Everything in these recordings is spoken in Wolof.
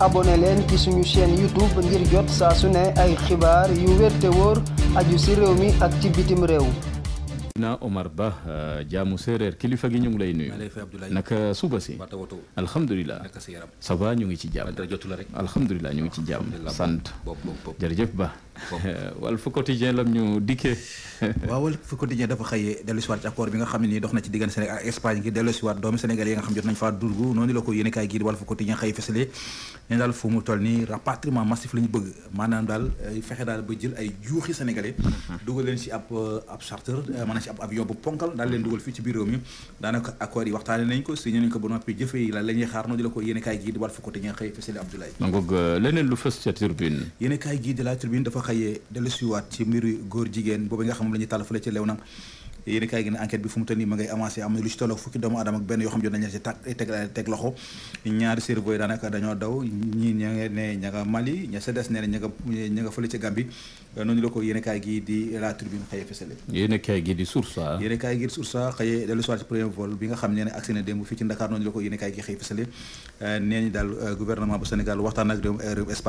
abonné leen ci suñu chaîne YouTube ngir jot saa su ne ay xibaar yu wér te aju si réew mi ak ci bitim réew. na Omar Ba euh, jaamu séeréer kilifa gi ñu ngi lay nuyu. naka suba si. alhamdulilah. ça va ñu ngi ci jàmm. alhamdulilah ñu ngi ci jàmm. sant jërëjëf Ba. Walf Quotidien lam ñu dikkee waaw Walf Quotidien dafa xëyee dellusiwaat ci accord bi nga xam ne dox nañ faa dugg noonu la ko yéene gii di Walf fu mu toll nii rapatriement leneen lu fës ca tribune yéene gii di la tribune dafa xëyee dellusiwaat ci mbiru góor jigéen boobu nga xam ne la ñuy tàll fële ci Léona yéen kaay gi ne enquête bi fu mu toll nii ma ngay avancé am na lu ci tolloo fukki doomu adama ak benn yoo xam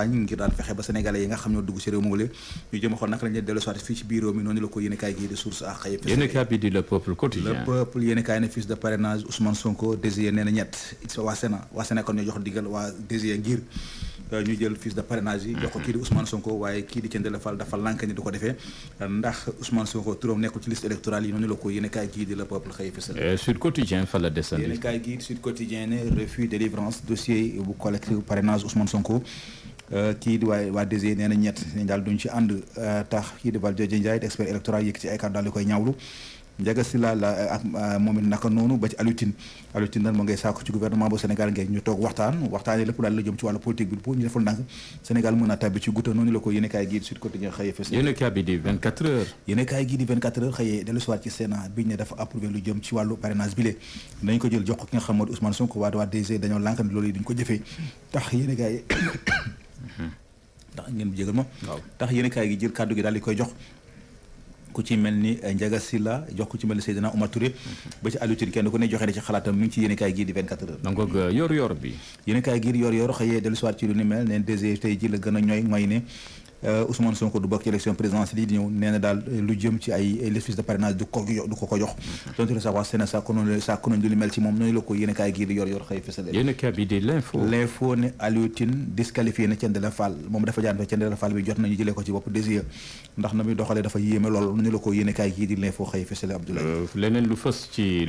ne daal fexe ba sénégalais yi nga xam ñoo dugg ci réew moomule ñu jëm xool naka lañ dellu soir fii ci biir réew noonu la ko yéen gi di source xëyee fësale bi di le peuple quotidien le peuple yéen kaay ne fiche de parrainage Ousmane Sonko désiré nee na ñett waa Sénat kon ñoo jox digal waa désiré ngir euh, ñu jël fiche de parrainage yi jox mm-hmm. kii di Ousmane Sonko waaye kii di Thiendella Fall dafa lànk ni du ko defee ndax Ousmane Sonko turam nekkul ci liste électorale yi noonu la ko yéen kaay gii di le peuple xëy fësal Sud Quotidien fa la desandi yéen kaay gii Sud Quotidien ne refus délivrance dossier bu collectif parrainage Ousmane Euh, kii di waay waa DG nee na ñett ne daal duñ ci ànd euh, tax kii di Valdiodio Ndiaye di la euh, ak moom it naka noonu ba ci a tabbi ci gudda ne dañ ko jël jox ko nga xam moo di Ousmane waa waa DG dañoo lànk ne loolu yi duñ ko jëfee tax yéenekaay ngeen jégal ma waaw tax yéen gi jël kàddu gi daal di koy jox ku ci mel ni eh, Ndiaga Sylla jox ku ci mel ni Seydina Oumar Touré mhm. ba ci Aliou Tine kenn ku ne joxe na ci xalaatam mu ngi ci yéen kaay gii di 24 heures donc eh, yor yor bi yéen kaay yor yor xëyee dellusiwaat ci lu ni mel neen DG tey ji la gën a ñooy mooy ne Euh, Ousmane Sonko du bokk ci élection présidentielle yi di ñëw nee daal lu jëm ci ay liste de parrainage du ko du ko ko jox mm-hmm. donte le savoir séna sa konoon sa konoon du lu mel ci moom noonu la a kaay na Thiendella Fall moom dafa jaan fa Thiendella la ko yéen gii di l'info xëy fësale Abdoulaye euh, leneen lu fës ci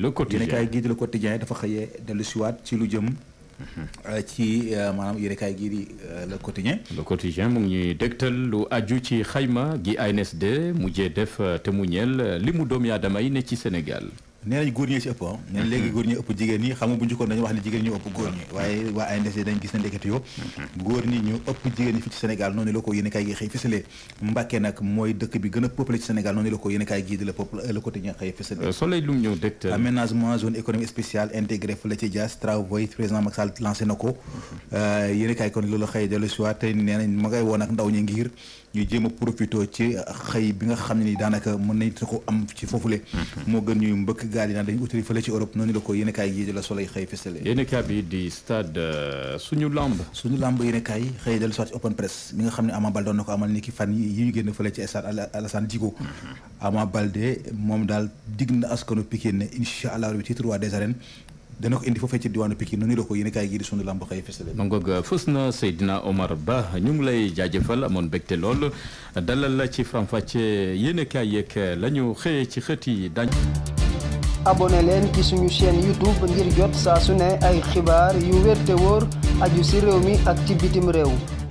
ci lu jëm Euh, ci euh, maanaam yéenekaay gii di euh, la quotidien le quotidien mu ngi ñuy dégtal lu aju ci xayma gi ANSD mujjee def te mu ñeel li mu doom aadama yi ne ci Sénégal nee nañ góor ñee ci ëpp ah. mm-hmm. nañ léegi góor ñee ëpp jigéen ñi xam nga bu njëkkoon dañu wax ne jigéen ñu ëpp góor ñi mm-hmm. waaye waa ANDC mm-hmm. ñu ëpp jigéen ñi fii ci Sénégal noonu la ko yéen kaay gi xëy fësale Mbàkke nag mooy dëkk bi gën a peuplé ci Sénégal noonu la ko yéen kaay gii di la peuple le côté ña xëy fësale euh, soleil lu mu ñëw dëkk euh. aménagement zone économique spéciale intégré fële ci Dias travaux président Macky Sall lancé na ko euh, yéen kaay kon loolu xëy dellu si waat tey nee nañ ma ngay woon ak ndaw ñi ngiir ñu jéem a profité ci xëy bi nga xam ne ni daanaka mën nañ ko am ci foofu foofule mhm. moo gën ñuy mbëkk gaal yi naan dañu utali fële ci Europe noonu la ko yéen a kaay yi la solay xëy fësale yéen kaay bi di stade euh, suñu lamb suñu lamb yéen xëy dellu soit ci open press mi nga xam ne Ama Baldé doon na ko amal ni ki fan yi ñu génn fële ci stade Alassane Djigo mhm. Ama Baldé moom daal digg na askanu Pikine ne incha allah titre roi des arènes dana ko indi foofee ci diwaanu Pikine noonu la ko yéen kaay gi di sunu lamb xëy fësale ma ngoog fës na Seydina Omar Ba ñu ngi lay jaajëfal amoon bégte lool dalal la ci faram-fàcce yéen kaay yeeg la ñu xëyee ci xët yi dañ abonné leen ci suñu chaîne YouTube ngir jot saa su ne ay xibaar yu wér te wóor aju si réew mi ak ci bitim réew